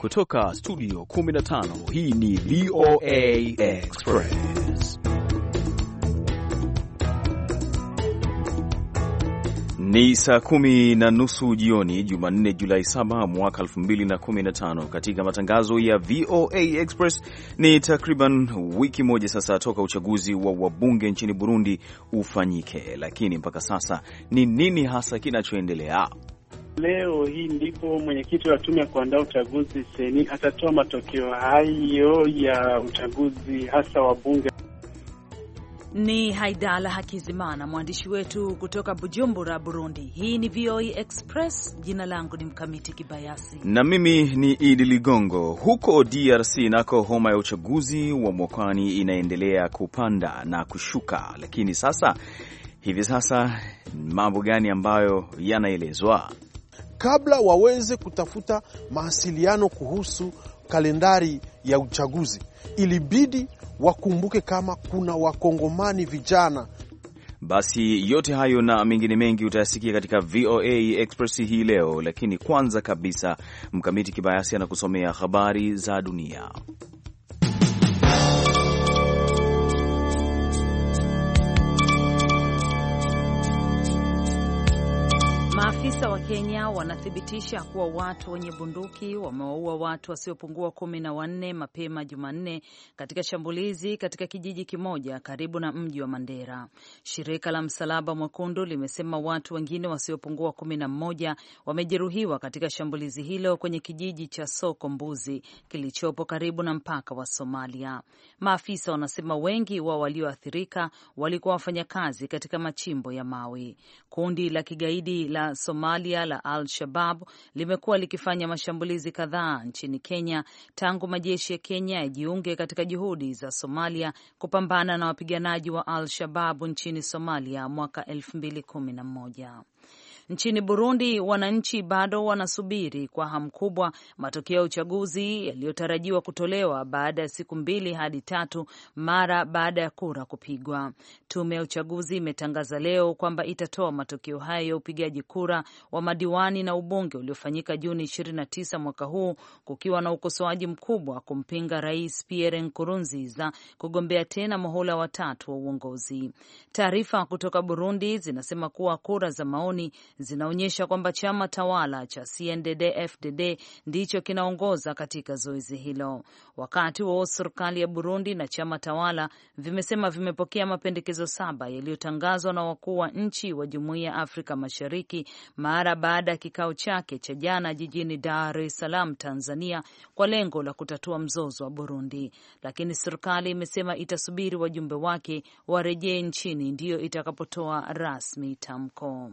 Kutoka studio 15 hii ni VOA Express. Ni saa kumi na nusu jioni Jumanne, Julai 7 mwaka 2015. Katika matangazo ya VOA Express, ni takriban wiki moja sasa toka uchaguzi wa wabunge nchini Burundi ufanyike, lakini mpaka sasa ni nini hasa kinachoendelea? Leo hii ndipo mwenyekiti wa tume ya kuandaa uchaguzi seni atatoa matokeo hayo ya uchaguzi hasa wa bunge. Ni Haidala Hakizimana, mwandishi wetu kutoka Bujumbura, Burundi. Hii ni VOA e Express. Jina langu ni Mkamiti Kibayasi na mimi ni Idi Ligongo. Huko DRC nako homa ya uchaguzi wa mwakani inaendelea kupanda na kushuka, lakini sasa hivi sasa mambo gani ambayo yanaelezwa? kabla waweze kutafuta mawasiliano kuhusu kalendari ya uchaguzi, ilibidi wakumbuke kama kuna wakongomani vijana. Basi yote hayo na mengine mengi utayasikia katika VOA Express hii leo, lakini kwanza kabisa Mkamiti Kibayasi anakusomea habari za dunia. Kenya wanathibitisha kuwa watu wenye bunduki wamewaua watu wasiopungua kumi na wanne mapema Jumanne katika shambulizi katika kijiji kimoja karibu na mji wa Mandera. Shirika la Msalaba Mwekundu limesema watu wengine wasiopungua kumi na mmoja wamejeruhiwa katika shambulizi hilo kwenye kijiji cha Soko Mbuzi kilichopo karibu na mpaka wa Somalia. Maafisa wanasema wengi wa walioathirika walikuwa wafanyakazi katika machimbo ya mawe. Kundi la kigaidi la Somalia la Al-Shabab limekuwa likifanya mashambulizi kadhaa nchini Kenya tangu majeshi ya Kenya yajiunge katika juhudi za Somalia kupambana na wapiganaji wa Al-Shababu nchini Somalia mwaka 2011. Nchini Burundi, wananchi bado wanasubiri kwa hamu kubwa matokeo ya uchaguzi yaliyotarajiwa kutolewa baada ya siku mbili hadi tatu mara baada ya kura kupigwa. Tume ya uchaguzi imetangaza leo kwamba itatoa matokeo hayo ya upigaji kura wa madiwani na ubunge uliofanyika Juni 29 mwaka huu, kukiwa na ukosoaji mkubwa kumpinga Rais Pierre Nkurunziza kugombea tena muhula watatu wa uongozi. Taarifa kutoka Burundi zinasema kuwa kura za maoni zinaonyesha kwamba chama tawala cha CNDD-FDD ndicho kinaongoza katika zoezi hilo. Wakati wa serikali ya Burundi na chama tawala vimesema vimepokea mapendekezo saba yaliyotangazwa na wakuu wa nchi wa Jumuiya ya Afrika Mashariki mara baada ya kikao chake cha jana jijini Dar es Salaam, Tanzania, kwa lengo la kutatua mzozo wa Burundi, lakini serikali imesema itasubiri wajumbe wake warejee nchini ndiyo itakapotoa rasmi tamko.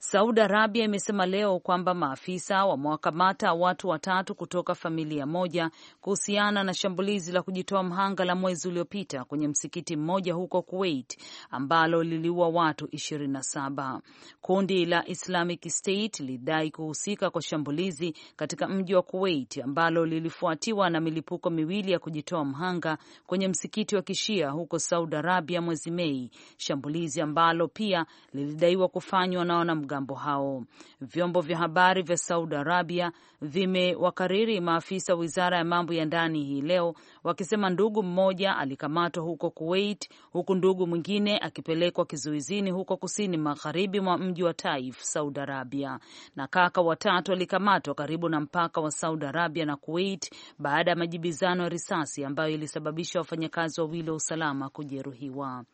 Saudi Arabia imesema leo kwamba maafisa wamewakamata watu watatu kutoka familia moja kuhusiana na shambulizi la kujitoa mhanga la mwezi uliopita kwenye msikiti mmoja huko Kuwait ambalo liliua watu 27. Kundi la Islamic State lilidai kuhusika kwa shambulizi katika mji wa Kuwait ambalo lilifuatiwa na milipuko miwili ya kujitoa mhanga kwenye msikiti wa Kishia huko Saudi Arabia mwezi Mei, shambulizi ambalo pia lilidaiwa kufanywa na wanamgambo hao. Vyombo vya habari vya Saudi Arabia vimewakariri maafisa wa wizara ya mambo ya ndani hii leo wakisema ndugu mmoja alikamatwa huko Kuwait, huku ndugu mwingine akipelekwa kizuizini huko kusini magharibi mwa mji wa Taif, Saudi Arabia, na kaka watatu alikamatwa karibu na mpaka wa Saudi Arabia na Kuwait baada ya majibizano ya risasi ambayo ilisababisha wafanyakazi wawili wa usalama kujeruhiwa.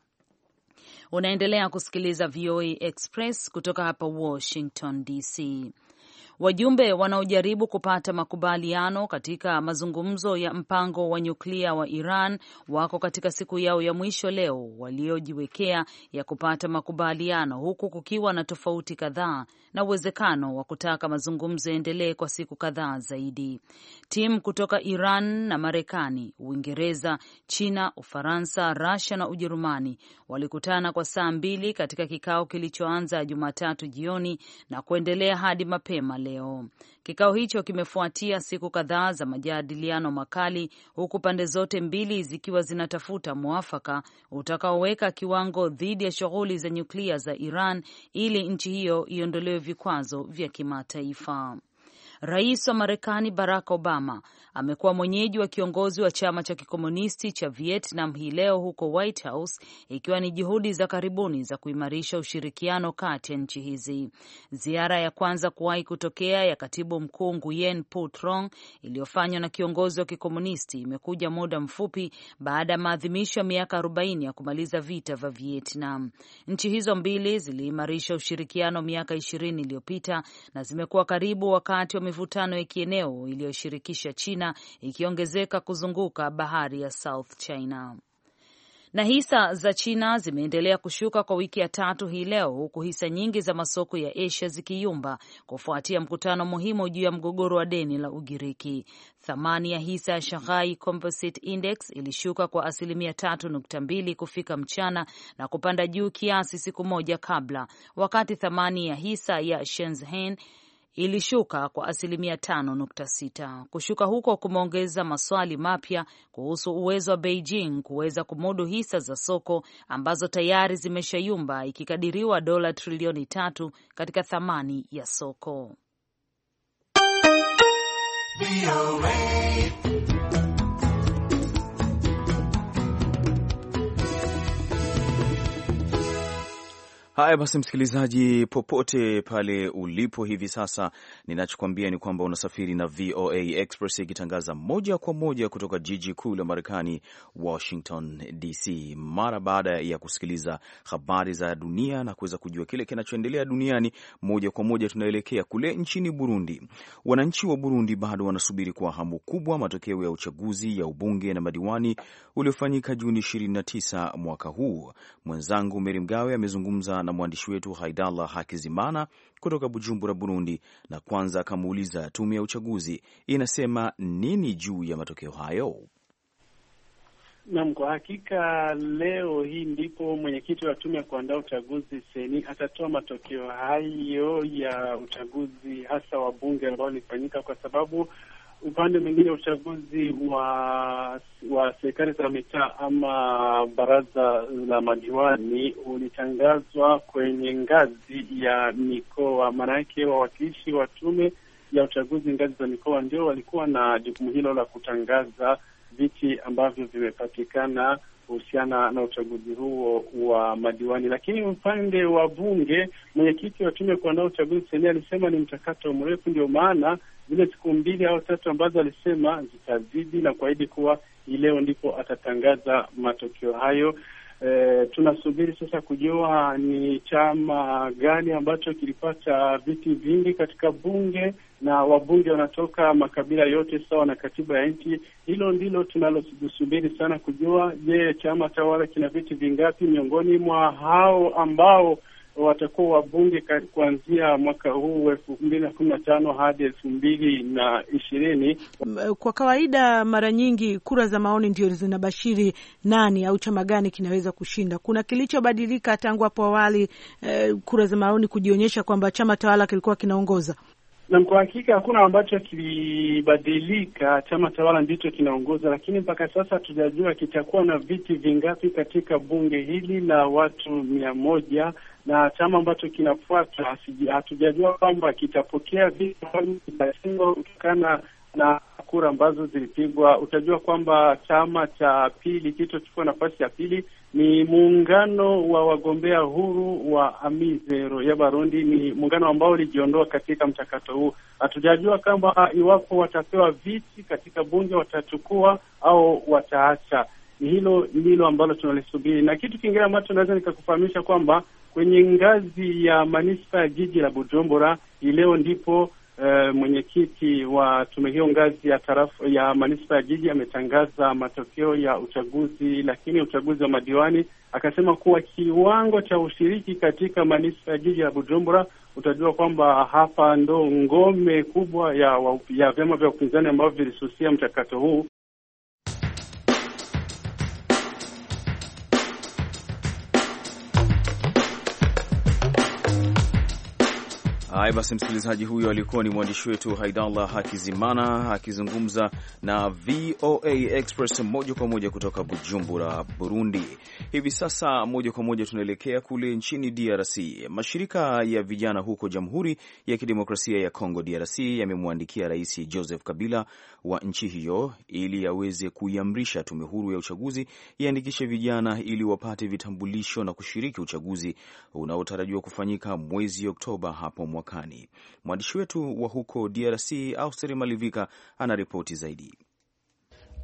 Unaendelea kusikiliza VOA Express kutoka hapa Washington DC. Wajumbe wanaojaribu kupata makubaliano katika mazungumzo ya mpango wa nyuklia wa Iran wako katika siku yao ya mwisho leo waliojiwekea ya kupata makubaliano, huku kukiwa na tofauti kadhaa na uwezekano wa kutaka mazungumzo yaendelee kwa siku kadhaa zaidi. Timu kutoka Iran na Marekani, Uingereza, China, Ufaransa, Russia na Ujerumani walikutana kwa saa mbili katika kikao kilichoanza Jumatatu jioni na kuendelea hadi mapema leo. Kikao hicho kimefuatia siku kadhaa za majadiliano makali, huku pande zote mbili zikiwa zinatafuta mwafaka utakaoweka kiwango dhidi ya shughuli za nyuklia za Iran ili nchi hiyo iondolewe vikwazo vya kimataifa. Rais wa Marekani Barack Obama amekuwa mwenyeji wa kiongozi wa chama cha kikomunisti cha Vietnam hii leo huko White House, ikiwa ni juhudi za karibuni za kuimarisha ushirikiano kati ya nchi hizi. Ziara ya kwanza kuwahi kutokea ya katibu mkuu Nguyen Phu Trong iliyofanywa na kiongozi wa kikomunisti imekuja muda mfupi baada ya maadhimisho ya miaka 40 ya kumaliza vita vya Vietnam. Nchi hizo mbili ziliimarisha ushirikiano miaka 20 iliyopita na zimekuwa karibu wakati wa mivutano ya kieneo iliyoshirikisha China ikiongezeka kuzunguka bahari ya South China. Na hisa za China zimeendelea kushuka kwa wiki ya tatu hii leo, huku hisa nyingi za masoko ya Asia zikiyumba kufuatia mkutano muhimu juu ya mgogoro wa deni la Ugiriki. Thamani ya hisa ya Shanghai Composite Index ilishuka kwa asilimia tatu nukta mbili kufika mchana na kupanda juu kiasi siku moja kabla, wakati thamani ya hisa ya Shenzhen ilishuka kwa asilimia 5.6. Kushuka huko kumeongeza maswali mapya kuhusu uwezo wa Beijing kuweza kumudu hisa za soko ambazo tayari zimeshayumba, ikikadiriwa dola trilioni tatu katika thamani ya soko. Haya basi, msikilizaji, popote pale ulipo hivi sasa, ninachokwambia ni kwamba unasafiri na VOA Express ikitangaza moja kwa moja kutoka jiji kuu la Marekani, Washington DC. Mara baada ya kusikiliza habari za dunia na kuweza kujua kile kinachoendelea duniani, moja kwa moja tunaelekea kule nchini Burundi. Wananchi wa Burundi bado wanasubiri kwa hamu kubwa matokeo ya uchaguzi ya ubunge na madiwani uliofanyika Juni 29 mwaka huu. Mwenzangu Meri Mgawe amezungumza na mwandishi wetu Haidallah Hakizimana kutoka Bujumbura, Burundi, na kwanza akamuuliza tume ya uchaguzi inasema nini juu ya matokeo hayo. Naam, kwa hakika leo hii ndipo mwenyekiti wa tume ya kuandaa uchaguzi seni atatoa matokeo hayo ya uchaguzi hasa wa bunge ambao ulifanyika, kwa sababu upande mwingine uchaguzi wa wa serikali za mitaa ama baraza la madiwani ulitangazwa kwenye ngazi ya mikoa. Maanake wawakilishi wa tume ya uchaguzi ngazi za mikoa ndio walikuwa na jukumu hilo la kutangaza viti ambavyo vimepatikana kuhusiana na uchaguzi huo wa madiwani. Lakini upande wa bunge, mwenyekiti wa tume ya kuandaa uchaguzi Senia alisema ni mchakato mrefu, ndio maana zile siku mbili au tatu ambazo alisema zitazidi, na kuahidi kuwa ileo ndipo atatangaza matokeo hayo. E, tunasubiri sasa kujua ni chama gani ambacho kilipata viti vingi katika bunge na wabunge wanatoka makabila yote sawa na katiba ya nchi. Hilo ndilo tunalosubiri sana kujua. Je, chama tawala kina viti vingapi miongoni mwa hao ambao watakuwa wabunge kuanzia mwaka huu elfu mbili na kumi na tano hadi elfu mbili na ishirini. Kwa kawaida, mara nyingi kura za maoni ndio zinabashiri nani au chama gani kinaweza kushinda. Kuna kilichobadilika tangu hapo awali, eh, kura za maoni kujionyesha kwamba chama tawala kilikuwa kinaongoza na kwa hakika hakuna ambacho kilibadilika. Chama tawala ndicho kinaongoza, lakini mpaka sasa hatujajua kitakuwa na viti vingapi katika bunge hili la watu mia moja na chama ambacho kinafuata hatujajua kwamba kitapokea vipi kitashindwa kutokana na kura ambazo zilipigwa. Utajua kwamba chama cha pili kilichochukua nafasi ya pili ni muungano wa wagombea huru wa Amizero ya Barundi, ni muungano ambao ulijiondoa katika mchakato huu. Hatujajua kama iwapo watapewa viti katika bunge watachukua au wataacha. Hilo ndilo ambalo tunalisubiri, na kitu kingine ambacho naweza nikakufahamisha kwamba kwenye ngazi ya manispa ya jiji la Bujumbura. ileo leo ndipo uh, mwenyekiti wa tume hiyo ngazi ya tarafu ya manispa ya jiji ametangaza matokeo ya uchaguzi, lakini uchaguzi wa madiwani, akasema kuwa kiwango cha ushiriki katika manispa ya jiji la Bujumbura, utajua kwamba hapa ndo ngome kubwa ya, ya vyama vya upinzani ambavyo vilisusia mchakato huu Haya basi, msikilizaji, huyo alikuwa ni mwandishi wetu Haidallah Hakizimana akizungumza na VOA Express moja kwa moja kutoka Bujumbura, Burundi. Hivi sasa moja kwa moja tunaelekea kule nchini DRC. Mashirika ya vijana huko Jamhuri ya Kidemokrasia ya Kongo, DRC, yamemwandikia Rais Joseph Kabila wa nchi hiyo ili aweze kuiamrisha tume huru ya uchaguzi iandikishe vijana ili wapate vitambulisho na kushiriki uchaguzi unaotarajiwa kufanyika mwezi Oktoba hapo mwaka mpakani. Mwandishi wetu wa huko DRC Austeri Malivika anaripoti zaidi.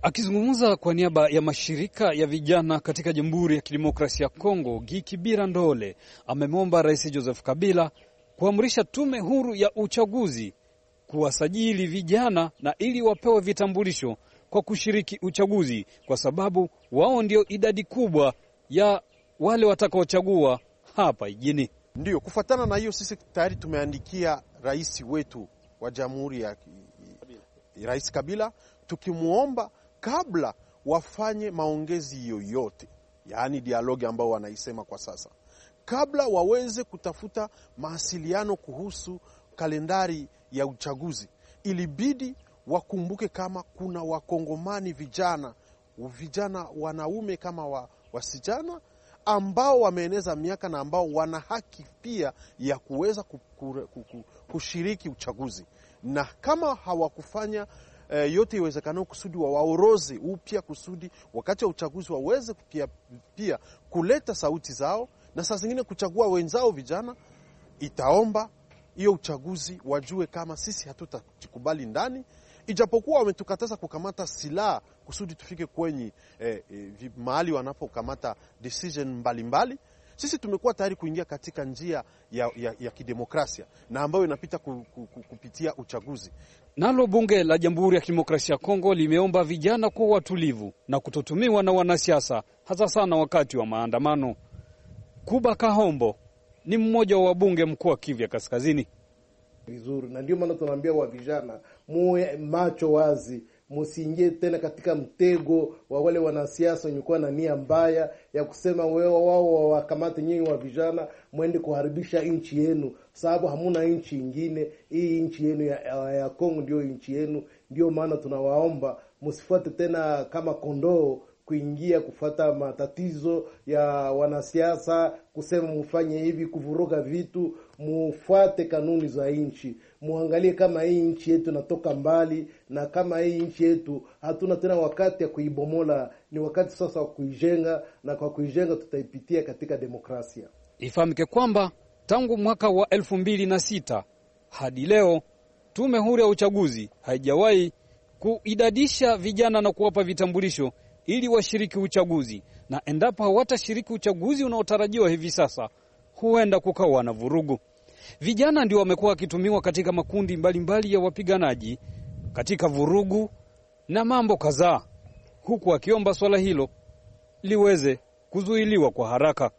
Akizungumza kwa niaba ya mashirika ya vijana katika Jamhuri ya Kidemokrasia ya Kongo, Gikibira Ndole amemwomba Rais Joseph Kabila kuamrisha tume huru ya uchaguzi kuwasajili vijana na ili wapewe vitambulisho kwa kushiriki uchaguzi, kwa sababu wao ndio idadi kubwa ya wale watakaochagua hapa jijini ndio kufuatana na hiyo sisi tayari tumeandikia rais wetu wa jamhuri ya Rais Kabila tukimwomba kabla wafanye maongezi yoyote, yaani dialogi ambao wanaisema kwa sasa, kabla waweze kutafuta mawasiliano kuhusu kalendari ya uchaguzi, ilibidi wakumbuke kama kuna wakongomani vijana, vijana wanaume kama wa, wasichana ambao wameeneza miaka na ambao wana haki pia ya kuweza kushiriki uchaguzi, na kama hawakufanya E, yote iwezekanao kusudi wa waorozi upya kusudi wakati wa uchaguzi waweze pia, pia kuleta sauti zao na saa zingine kuchagua wenzao vijana. Itaomba hiyo uchaguzi wajue kama sisi hatutakubali ndani ijapokuwa wametukataza kukamata silaha kusudi tufike kwenye eh, eh, mahali wanapokamata decision mbalimbali mbali. Sisi tumekuwa tayari kuingia katika njia ya, ya, ya kidemokrasia na ambayo inapita ku, ku, ku, kupitia uchaguzi. Nalo bunge la Jamhuri ya Kidemokrasia ya Kongo limeomba vijana kuwa watulivu na kutotumiwa na wanasiasa hasa sana wakati wa maandamano. Kuba Kahombo ni mmoja wa wabunge mkuu wa Kivu ya Kaskazini. Vizuri, na ndio maana tunaambia wa vijana muwe macho wazi, msiingie tena katika mtego wa wale wanasiasa wenye na nia mbaya ya kusema wewe wao wawakamate nyinyi wa vijana mwende kuharibisha nchi yenu, sababu hamuna nchi ingine. Hii nchi yenu ya, ya Kongo ndio nchi yenu. Ndio maana tunawaomba msifuate tena kama kondoo kuingia kufata matatizo ya wanasiasa, kusema mfanye hivi, kuvuruga vitu mufuate kanuni za nchi, muangalie kama hii nchi yetu inatoka mbali, na kama hii nchi yetu hatuna tena wakati ya kuibomola, ni wakati sasa wa kuijenga, na kwa kuijenga tutaipitia katika demokrasia. Ifahamike kwamba tangu mwaka wa elfu mbili na sita hadi leo tume huru ya uchaguzi haijawahi kuidadisha vijana na kuwapa vitambulisho ili washiriki uchaguzi, na endapo hawatashiriki uchaguzi unaotarajiwa hivi sasa, huenda kukawa na vurugu. Vijana ndio wamekuwa wakitumiwa katika makundi mbalimbali mbali ya wapiganaji katika vurugu na mambo kadhaa, huku akiomba swala hilo liweze kuzuiliwa kwa haraka.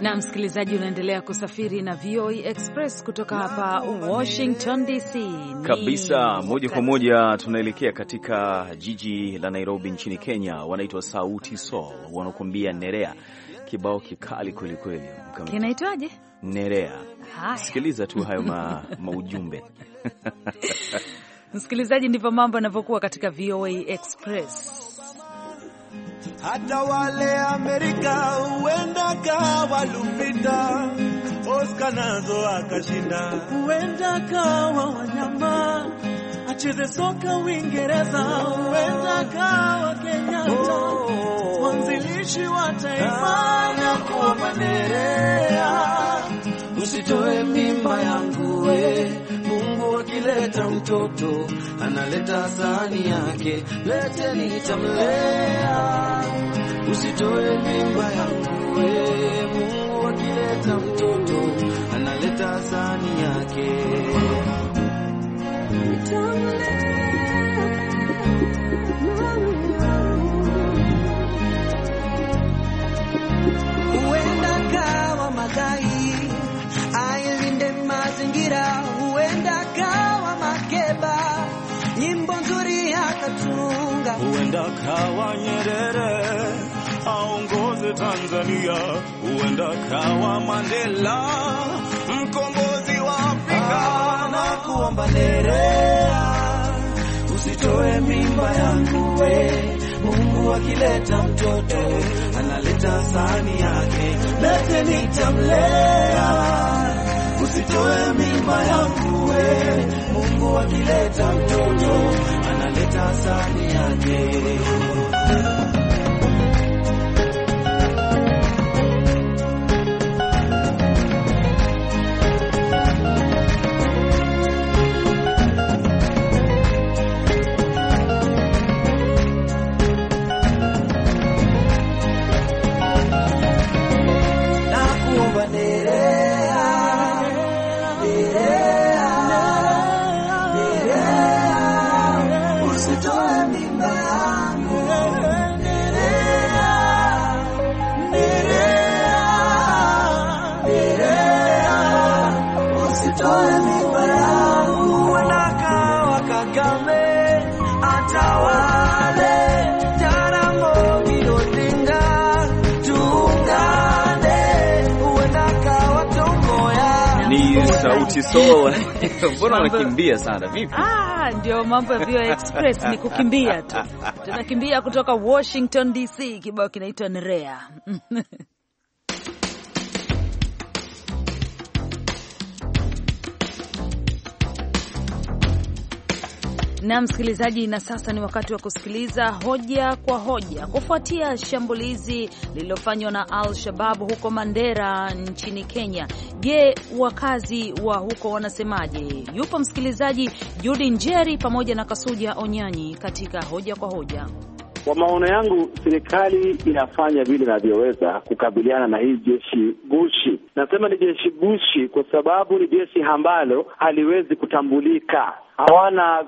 na msikilizaji, unaendelea kusafiri na VOA e Express kutoka hapa Washington DC. Kabisa, moja kwa moja tunaelekea katika jiji la Nairobi nchini Kenya. Wanaitwa Sauti Sol, wanakuambia Nerea. Kibao kikali kwelikweli. Kinaitwaje? Nerea. sikiliza tu hayo ma, maujumbe Msikilizaji, ndivyo mambo yanavyokuwa katika VOA e Express hata wale Amerika huenda kawa Lupita Oscar nazo akashinda, huenda kawa wanyama acheze soka Uingereza, huenda kawa Kenyatta oh, mwanzilishi wa taifa na ah, kuwa Usitoe mimba yangu we akileta mtoto analeta sahani yake, leteni nitamlea, usitoe mimba yangu. Mungu akileta mtoto analeta sahani yake, huenda kawa madai huenda kawa Nyerere aongoze Tanzania, huenda kawa Mandela mkombozi wa Afrika. Na kuomba nerea, usitoe mimba yangu we Mungu akileta mtoto analeta sahani yake, lete nitamlea usitoe mimba yangu we Mungu akileta mtoto Tanzania Day. sauti soa. Mbona unakimbia sana vipi? Ah, ndio mambo ya Vio Express ni kukimbia tu. Tunakimbia kutoka Washington DC, kibao kinaitwa Nerea. na msikilizaji, na sasa ni wakati wa kusikiliza hoja kwa hoja. Kufuatia shambulizi lililofanywa na Al Shabab huko Mandera nchini Kenya, je, wakazi wa huko wanasemaje? Yupo msikilizaji Judi Njeri pamoja na Kasuja Onyanyi katika hoja kwa hoja. Kwa maono yangu, serikali inafanya vile inavyoweza kukabiliana na hii jeshi gushi. Nasema ni jeshi gushi kwa sababu ni jeshi ambalo haliwezi kutambulika hawana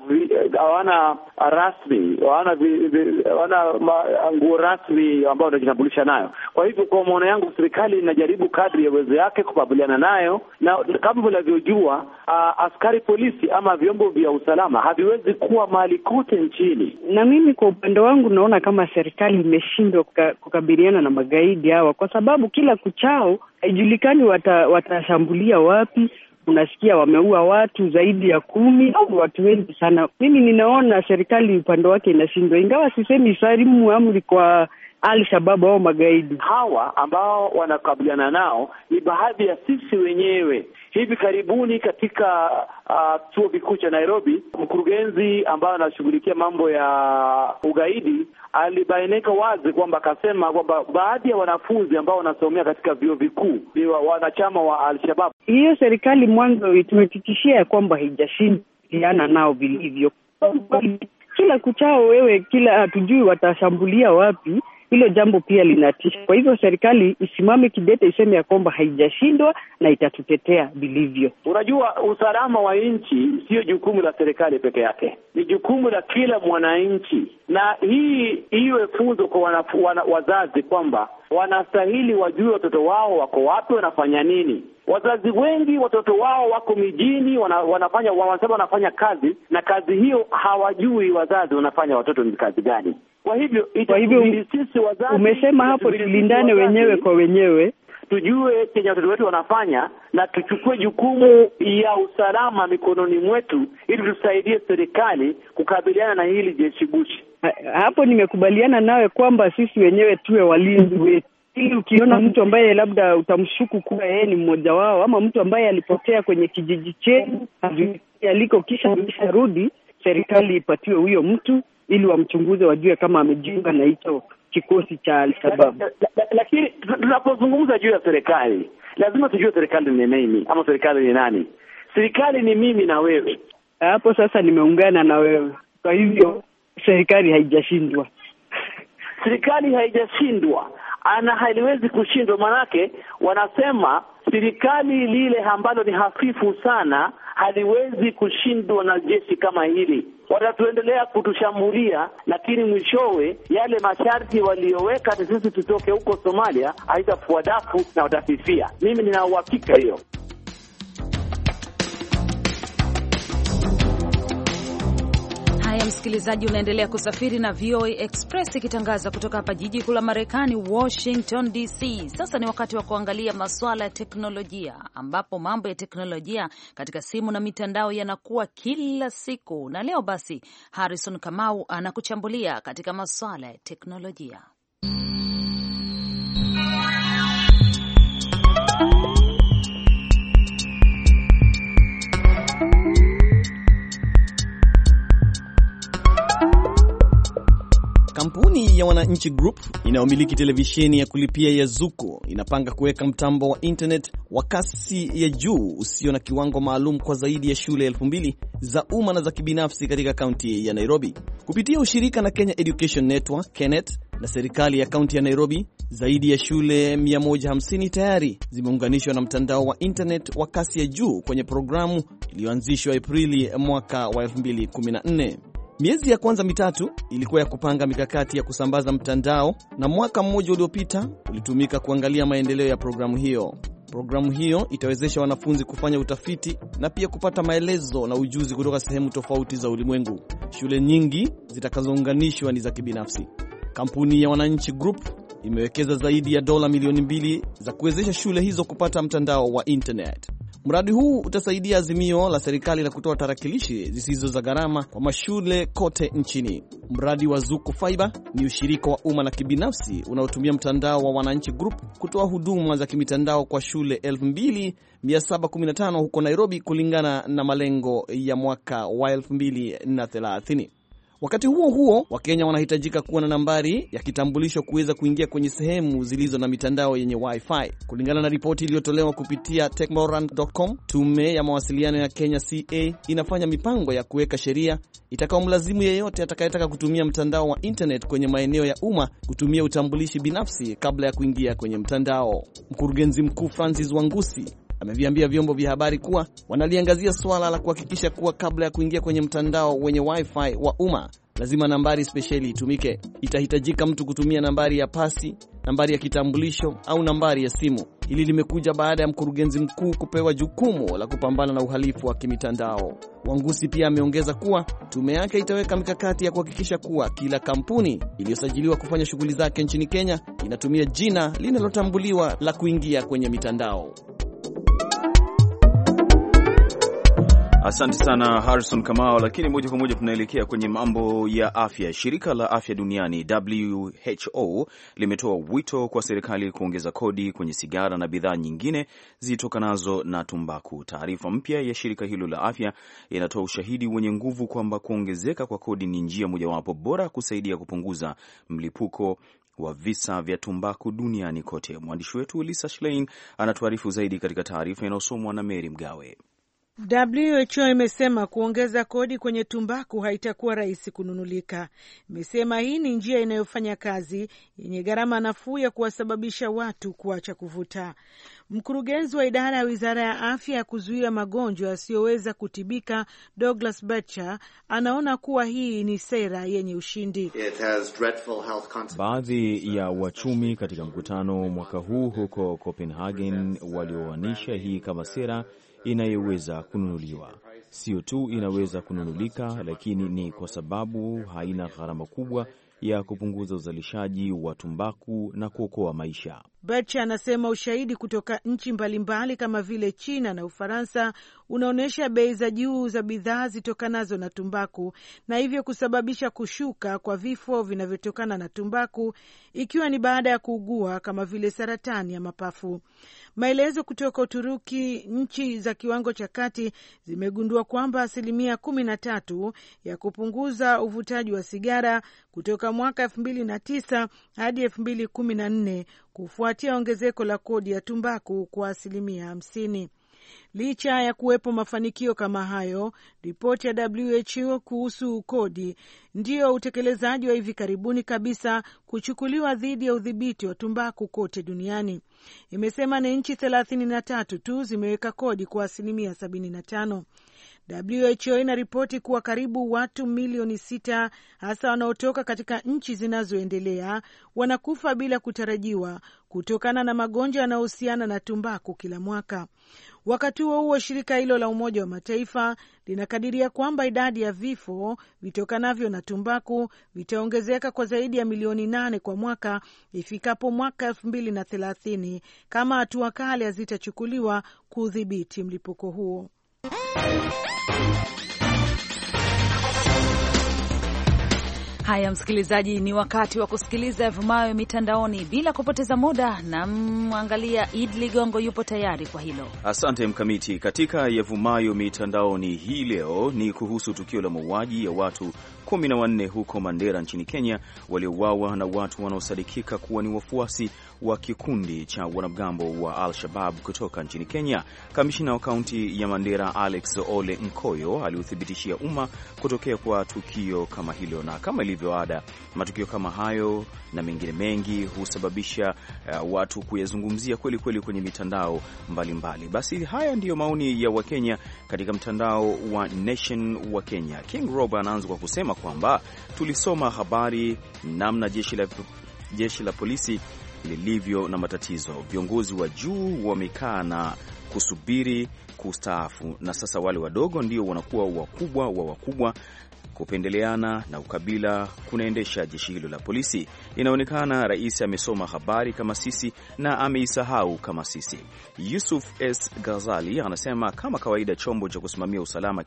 hawana rasmi hawana hawana nguo rasmi ambayo wanajitambulisha nayo. Kwa hivyo, kwa maono yangu, serikali inajaribu kadri ya uwezo yake kukabiliana nayo, na kama vinavyojua uh, askari polisi ama vyombo vya usalama haviwezi kuwa mahali kote nchini. Na mimi kwa upande wangu naona kama serikali imeshindwa kuka, kukabiliana na magaidi hawa, kwa sababu kila kuchao haijulikani watashambulia wata wapi unasikia wameua watu zaidi ya kumi au watu wengi sana. Mimi ninaona serikali upande wake inashindwa, ingawa sisemi salimu amri kwa alshabab au magaidi hawa ambao wanakabiliana nao ni baadhi ya sisi wenyewe. Hivi karibuni katika uh, kikuu cha Nairobi, mkurugenzi ambaye anashughulikia mambo ya ugaidi alibainika wazi kwamba akasema kwamba baadhi ya wanafunzi ambao wanasomea katika vyuo vikuu ni wanachama wa alshababu Hiyo serikali mwanzo imetuhakikishia ya kwamba haijashindiana nao vilivyo. Kila kuchao wewe, kila hatujui watashambulia wapi hilo jambo pia linatisha. Kwa hivyo serikali isimame kidete, iseme ya kwamba haijashindwa na itatutetea vilivyo. Unajua, usalama wa nchi siyo jukumu la serikali peke yake, ni jukumu la kila mwananchi, na hii iwe funzo kwa wana, wana, wazazi kwamba wanastahili wajue watoto wao wako wapi, wanafanya nini. Wazazi wengi watoto wao wako mijini, wana, wanafanya wanasema wanafanya kazi, na kazi hiyo hawajui wazazi wanafanya watoto ni kazi gani. Kwa hivyo kwa hivyo sisi wazazi, umesema hapo tulindane wenyewe kwa wenyewe, tujue chenye watoto wetu wanafanya na tuchukue jukumu ya usalama mikononi mwetu, ili tusaidie serikali kukabiliana na hili jeshi gushi. Ha, hapo nimekubaliana nawe kwamba sisi wenyewe tuwe walinzi wetu ili ukiona mtu ambaye labda utamshuku kuwa yeye ni mmoja wao ama mtu ambaye alipotea kwenye kijiji chenu aliko, kisha rudi serikali ipatiwe huyo mtu ili wamchunguze wajue kama amejiunga na hicho kikosi cha Alshabab. Lakini tunapozungumza juu ya serikali, lazima tujue serikali ni nini ama serikali ni nani. Serikali ni mimi na wewe. Hapo sasa nimeungana na wewe, kwa hivyo serikali haijashindwa. Serikali haijashindwa ana haliwezi kushindwa, manake wanasema serikali lile ambalo ni hafifu sana haliwezi kushindwa na jeshi kama hili watatuendelea kutushambulia, lakini mwishowe yale masharti waliyoweka sisi tutoke huko Somalia haitafuadafu na watafifia. Mimi nina uhakika hiyo. Haya, msikilizaji, unaendelea kusafiri na VOA Express ikitangaza kutoka hapa jiji kuu la Marekani, Washington DC. Sasa ni wakati wa kuangalia masuala ya teknolojia, ambapo mambo ya teknolojia katika simu na mitandao yanakuwa kila siku, na leo basi Harrison Kamau anakuchambulia katika masuala ya teknolojia. Kampuni ya Wananchi Group inayomiliki televisheni ya kulipia ya Zuku inapanga kuweka mtambo wa internet wa kasi ya juu usio na kiwango maalum kwa zaidi ya shule elfu mbili za umma na za kibinafsi katika kaunti ya Nairobi kupitia ushirika na Kenya Education Network KENET na serikali ya kaunti ya Nairobi. Zaidi ya shule 150 tayari zimeunganishwa na mtandao wa internet wa kasi ya juu kwenye programu iliyoanzishwa Aprili mwaka wa 2014. Miezi ya kwanza mitatu ilikuwa ya kupanga mikakati ya kusambaza mtandao, na mwaka mmoja uliopita ulitumika kuangalia maendeleo ya programu hiyo. Programu hiyo itawezesha wanafunzi kufanya utafiti na pia kupata maelezo na ujuzi kutoka sehemu tofauti za ulimwengu. Shule nyingi zitakazounganishwa ni za kibinafsi. Kampuni ya Wananchi Group imewekeza zaidi ya dola milioni mbili za kuwezesha shule hizo kupata mtandao wa internet. Mradi huu utasaidia azimio la serikali la kutoa tarakilishi zisizo za gharama kwa mashule kote nchini. Mradi wa Zuku Fiber ni ushirika wa umma na kibinafsi unaotumia mtandao wa Wananchi Group kutoa huduma za kimitandao kwa shule 2715 huko Nairobi, kulingana na malengo ya mwaka wa 2030. Wakati huo huo, Wakenya wanahitajika kuwa na nambari ya kitambulisho kuweza kuingia kwenye sehemu zilizo na mitandao yenye wifi. Kulingana na ripoti iliyotolewa kupitia techmoran.com, tume ya mawasiliano ya Kenya CA inafanya mipango ya kuweka sheria itakaomlazimu yeyote atakayetaka kutumia mtandao wa internet kwenye maeneo ya umma kutumia utambulishi binafsi kabla ya kuingia kwenye mtandao. Mkurugenzi mkuu Francis Wangusi ameviambia vyombo vya habari kuwa wanaliangazia suala la kuhakikisha kuwa kabla ya kuingia kwenye mtandao wenye wifi wa umma lazima nambari spesheli itumike. Itahitajika mtu kutumia nambari ya pasi, nambari ya kitambulisho au nambari ya simu. Hili limekuja baada ya mkurugenzi mkuu kupewa jukumu la kupambana na uhalifu wa kimitandao. Wangusi pia ameongeza kuwa tume yake itaweka mikakati ya kuhakikisha kuwa kila kampuni iliyosajiliwa kufanya shughuli zake nchini Kenya inatumia jina linalotambuliwa la kuingia kwenye mitandao. Asante sana Harrison Kamao. Lakini moja kwa moja tunaelekea kwenye mambo ya afya. Shirika la afya duniani WHO limetoa wito kwa serikali kuongeza kodi kwenye sigara na bidhaa nyingine zitokanazo na tumbaku. Taarifa mpya ya shirika hilo la afya inatoa ushahidi wenye nguvu kwamba kuongezeka kwa kodi ni njia mojawapo bora kusaidia kupunguza mlipuko wa visa vya tumbaku duniani kote. Mwandishi wetu Lisa Schlein anatuarifu zaidi katika taarifa inayosomwa na Mary Mgawe. WHO imesema kuongeza kodi kwenye tumbaku haitakuwa rahisi kununulika. Imesema hii ni njia inayofanya kazi yenye gharama nafuu ya kuwasababisha watu kuacha kuvuta. Mkurugenzi wa idara ya wizara ya afya ya kuzuia magonjwa yasiyoweza kutibika Douglas Bacher anaona kuwa hii ni sera yenye ushindi. Baadhi ya wachumi katika mkutano mwaka huu huko Copenhagen walioanisha hii kama sera inayoweza kununuliwa. Sio tu inaweza kununulika, lakini ni kwa sababu haina gharama kubwa ya kupunguza uzalishaji wa tumbaku na kuokoa maisha. Berche anasema ushahidi kutoka nchi mbalimbali kama vile China na Ufaransa unaonyesha bei za juu za bidhaa zitokanazo na tumbaku na hivyo kusababisha kushuka kwa vifo vinavyotokana na tumbaku, ikiwa ni baada ya kuugua kama vile saratani ya mapafu. Maelezo kutoka Uturuki, nchi za kiwango cha kati zimegundua kwamba asilimia kumi na tatu ya kupunguza uvutaji wa sigara kutoka mwaka elfu mbili na tisa hadi elfu mbili kumi na nne kufuatia ongezeko la kodi ya tumbaku kwa asilimia hamsini. Licha ya kuwepo mafanikio kama hayo, ripoti ya WHO kuhusu kodi ndiyo utekelezaji wa hivi karibuni kabisa kuchukuliwa dhidi ya udhibiti wa tumbaku kote duniani imesema ni nchi thelathini na tatu tu zimeweka kodi kwa asilimia sabini na tano WHO inaripoti kuwa karibu watu milioni sita hasa wanaotoka katika nchi zinazoendelea wanakufa bila kutarajiwa kutokana na magonjwa yanayohusiana na tumbaku kila mwaka. Wakati huo huo, shirika hilo la Umoja wa Mataifa linakadiria kwamba idadi ya vifo vitokanavyo na tumbaku vitaongezeka kwa zaidi ya milioni nane kwa mwaka ifikapo mwaka elfu mbili na thelathini kama hatua kali hazitachukuliwa kudhibiti mlipuko huo. Haya, msikilizaji, ni wakati wa kusikiliza yavumayo mitandaoni. Bila kupoteza muda, namwangalia Id Ligongo, yupo tayari kwa hilo. Asante Mkamiti. Katika yavumayo mitandaoni hii leo ni kuhusu tukio la mauaji ya watu 1 huko Mandera nchini Kenya, waliouawa na watu wanaosadikika kuwa ni wafuasi wa kikundi cha wanamgambo wa Al-Shabab kutoka nchini Kenya. Kamishina wa kaunti ya Mandera Alex Ole Nkoyo aliuthibitishia umma kutokea kwa tukio kama hilo, na kama ilivyo ada, matukio kama hayo na mengine mengi husababisha uh, watu kuyazungumzia kweli kweli kwenye mitandao mbalimbali mbali. Basi haya ndiyo maoni ya Wakenya katika mtandao wa Nation wa Kenya. King Rob anaanza kwa kusema kwamba tulisoma habari namna jeshi la, jeshi la polisi lilivyo na matatizo. Viongozi wa juu wamekaa na kusubiri kustaafu, na sasa wale wadogo ndio wanakuwa wakubwa wa wakubwa. Kupendeleana na ukabila kunaendesha jeshi hilo la polisi. Inaonekana rais amesoma habari kama sisi na ameisahau kama sisi. Yusuf S gazali anasema kama kawaida, chombo cha kusimamia usalama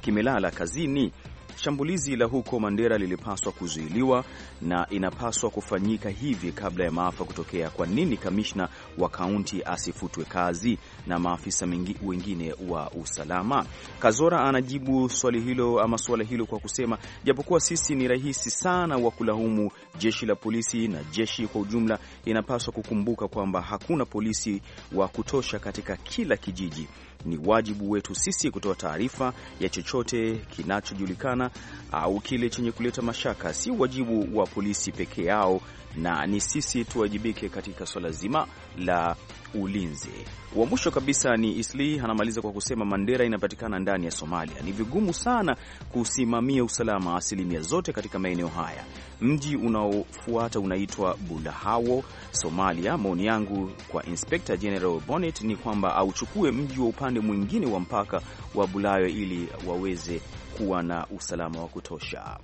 kimelala kazini Shambulizi la huko Mandera lilipaswa kuzuiliwa na inapaswa kufanyika hivi kabla ya maafa kutokea. Kwa nini kamishna wa kaunti asifutwe kazi na maafisa wengine wa usalama? Kazora anajibu swali hilo ama suala hilo kwa kusema japokuwa sisi ni rahisi sana wa kulaumu jeshi la polisi na jeshi kwa ujumla, inapaswa kukumbuka kwamba hakuna polisi wa kutosha katika kila kijiji ni wajibu wetu sisi kutoa taarifa ya chochote kinachojulikana au kile chenye kuleta mashaka. Si wajibu wa polisi peke yao na ni sisi tuwajibike katika swala zima la ulinzi. Wa mwisho kabisa ni Isli anamaliza kwa kusema Mandera inapatikana ndani ya Somalia. Ni vigumu sana kusimamia usalama asilimia zote katika maeneo haya. Mji unaofuata unaitwa Bulahawo, Somalia. Maoni yangu kwa Inspector General Bonnet ni kwamba auchukue mji wa upande mwingine wa mpaka wa Bulayo ili waweze kuwa na usalama wa kutosha.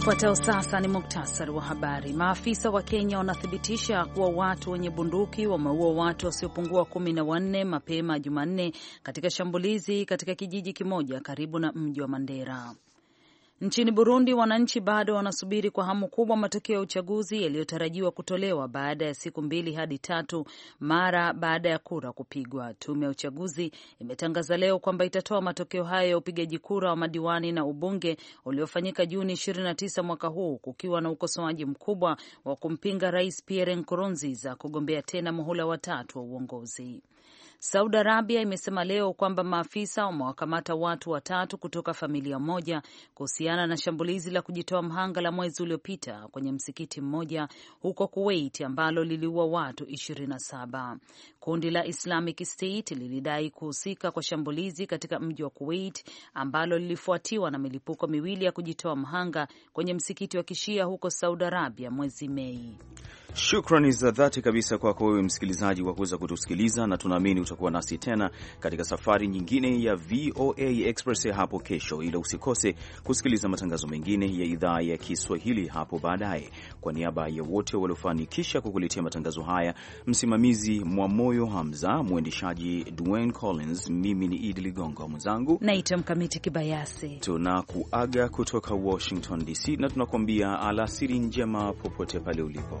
Ufuatao sasa ni muktasari wa habari. Maafisa wa Kenya wanathibitisha kuwa watu wenye bunduki wameua watu wasiopungua kumi na wanne mapema Jumanne katika shambulizi katika kijiji kimoja karibu na mji wa Mandera. Nchini Burundi, wananchi bado wanasubiri kwa hamu kubwa matokeo ya uchaguzi yaliyotarajiwa kutolewa baada ya siku mbili hadi tatu mara baada ya kura kupigwa. Tume ya uchaguzi imetangaza leo kwamba itatoa matokeo hayo ya upigaji kura wa madiwani na ubunge uliofanyika Juni 29 mwaka huu, kukiwa na ukosoaji mkubwa wa kumpinga Rais Pierre Nkurunziza kugombea tena muhula watatu wa uongozi. Saudi Arabia imesema leo kwamba maafisa wamewakamata watu watatu kutoka familia moja kuhusiana na shambulizi la kujitoa mhanga la mwezi uliopita kwenye msikiti mmoja huko Kuwait ambalo liliua watu 27. Kundi la Islamic State lilidai kuhusika kwa shambulizi katika mji wa Kuwait ambalo lilifuatiwa na milipuko miwili ya kujitoa mhanga kwenye msikiti wa Kishia huko Saudi Arabia mwezi Mei. Shukrani za dhati kabisa kwako wewe msikilizaji kwa kuweza kutusikiliza, na tunaamini utakuwa nasi tena katika safari nyingine ya VOA Express hapo kesho, ila usikose kusikiliza matangazo mengine ya idhaa ya Kiswahili hapo baadaye. Kwa niaba ya wote waliofanikisha kukuletea matangazo haya, msimamizi Mwamoyo Hamza, mwendeshaji Dwayne Collins, mimi ni Idi Ligongo, mwenzangu naitwa Mkamiti Kibayasi. Tunakuaga kutoka Washington DC na tunakuambia alasiri njema popote pale ulipo.